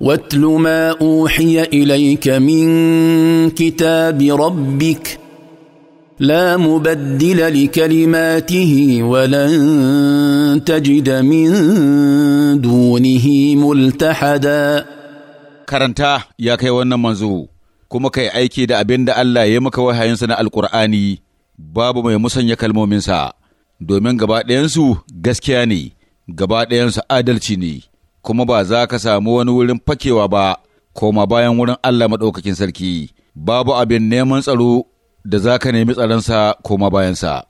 واتل ما اوحي اليك من كتاب ربك لا مبدل لكلماته ولن تجد من دونه ملتحدا karanta ya kai wannan manzo kuma kai aiki da abin da Allah ya maka wahayinsa na alkur'ani babu mai musanya kalmominsa domin gaba ɗayansu gaskiya ne gaba ɗayansu adalci ne kuma ba za ka samu wani wurin fakewa ba, koma bayan wurin Allah maɗaukakin sarki, babu abin neman tsaro da za ka nemi tsaronsa koma bayansa.